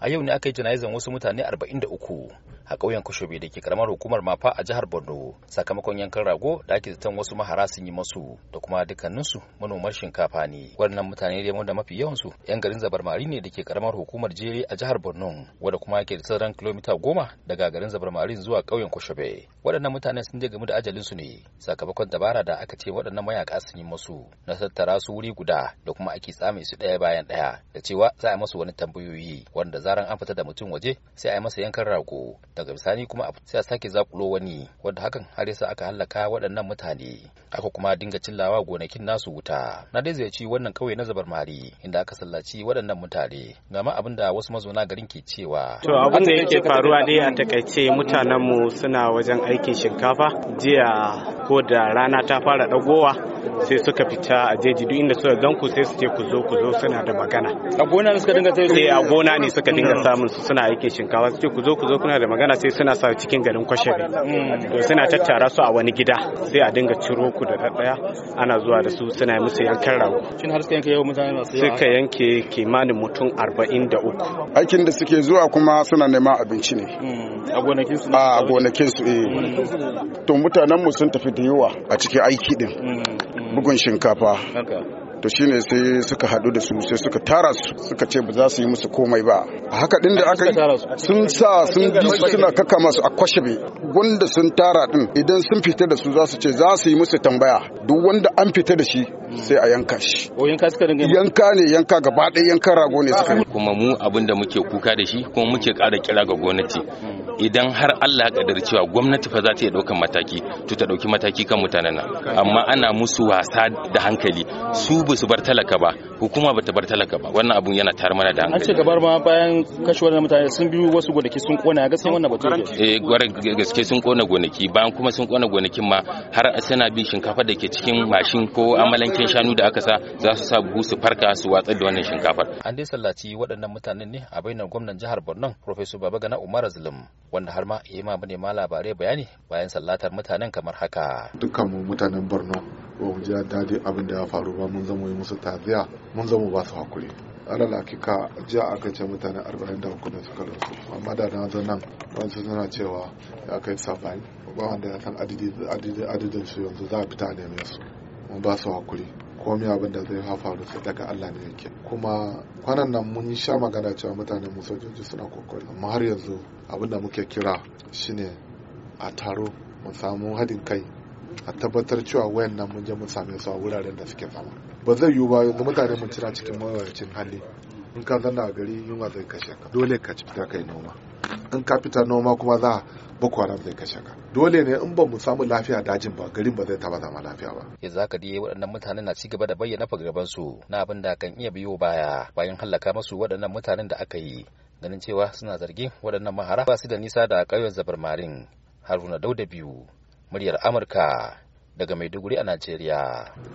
a yau ne aka yi jana'izan wasu mutane 43 a ƙauyen kashobe da ke karamar hukumar mafa a jihar borno sakamakon yankan rago da ake zaton wasu mahara sun yi masu da kuma dukkaninsu manomar shinkafa ne waɗannan mutane ne wanda mafi yawansu yan garin zabarmari ne da ke karamar hukumar jere a jihar borno wanda kuma ke da sauran kilomita goma daga garin zabarmari zuwa ƙauyen kushobe waɗannan mutane sun je game da ajalinsu ne sakamakon dabara da aka ce waɗannan mayaka sun yi masu na tattara su wuri guda da kuma ake tsame su ɗaya bayan ɗaya da cewa za a masu wani tambayoyi wanda zaran an fita da mutum waje sai a yi masa yankan rago daga bisani kuma sai a sake zakulo wani wanda hakan har yasa aka hallaka waɗannan mutane aka kuma dinga cillawa gonakin nasu wuta na dai zai ci wannan kauye na zabar mari inda aka sallaci waɗannan mutane ga ma abin da wasu mazauna garin ke cewa to abin da yake faruwa dai a takaice mutanenmu suna wajen aikin shinkafa jiya ko da rana ta fara dagowa sai suka fita a jeji duk inda suka ganku sai su ce ku zo ku zo suna da magana a gona ne suka dinga sai sai a gona ne suka dinga samun su suna aikin shinkawa. su ce ku zo ku zo kuna da magana sai suna sa cikin garin kwashebe hmm. to suna tattara su a wani gida sai a dinga ciro ku da daya ana zuwa da su suna musu yankan rago shin har suka yanke yau mutane masu yawa suka yanke kimanin mutum 43 aikin da suke zuwa kuma suna neman abinci ne hmm. a gonakin su a gonakin su eh hmm. to mutanen mu sun tafi da yawa a cikin aiki din bugun shinkafa to shine sai suka hadu da su sai suka tara su suka ce ba za su yi musu komai ba A haka din da aka yi sun sa sun ji suna kaka masu a kwashebe wanda sun tara din idan sun fita da su za su ce za su yi musu tambaya duk wanda an fita da shi sai a yanka shi yanka ne yanka gaba ɗaya yankan rago ne suka kuma mu abin da muke kuka da shi kuma muke ƙara kira ga gwamnati idan har Allah ya kadar cewa gwamnati fa za ta iya ɗaukan mataki to ta ɗauki mataki kan mutanen nan amma ana musu wasa da hankali su ba su bar talaka ba hukuma ba ta bar talaka ba wannan abun yana tar mana da hankali an ce gabar ma bayan kashe wannan mutane sun biyu wasu gonaki sun kona gaskiya wannan batun. eh gaske sun kona gonaki bayan kuma sun kona gonakin ma har suna bin shinkafa da ke cikin mashin ko amalankin shanu da aka sa za su sa buhu su farka su watsar da wannan shinkafar an dai sallaci waɗannan mutanen ne a bainar gwamnan jihar Borno Professor gana Umar Zulum wanda har ma ya ma ma labarai bayani bayan sallatar mutanen kamar haka dukkan mu mutanen Borno ba mu ji daɗi abin da ya faru ba mun zama yi musu taziya mun zama ba su hakuri alal hakika jiya aka ce mutane 40 da suka rasu amma da na zo nan suna cewa ya kai saba'in ba wanda ya san adadin su yanzu za a fita neman su mu ba su hakuri komai abin da zai faru su daga Allah ne yake kuma kwanan nan mun sha magana cewa mutanen mu sojoji suna kokari amma har yanzu abin da muke kira shine a taro mu samu haɗin kai a tabbatar cewa wayan nan mun je mun same su a wuraren da suke zama ba zai yiwu ba yanzu mutane mun cira cikin mawayacin hali in ka zanna a gari yunwa zai kashe ka dole ka fita kai noma in ka fita noma kuma za boko haram zai kashe ka dole ne in ba mu samu lafiya dajin ba garin ba zai taba zama lafiya ba yanzu haka da waɗannan mutanen na cigaba da bayyana fargaban su na abin da kan iya biyo baya bayan hallaka masu waɗannan mutanen da aka yi ganin cewa suna zargin waɗannan mahara ba su da nisa da ƙauyen zabarmarin haruna dauda biyu muryar amurka daga maiduguri a najeriya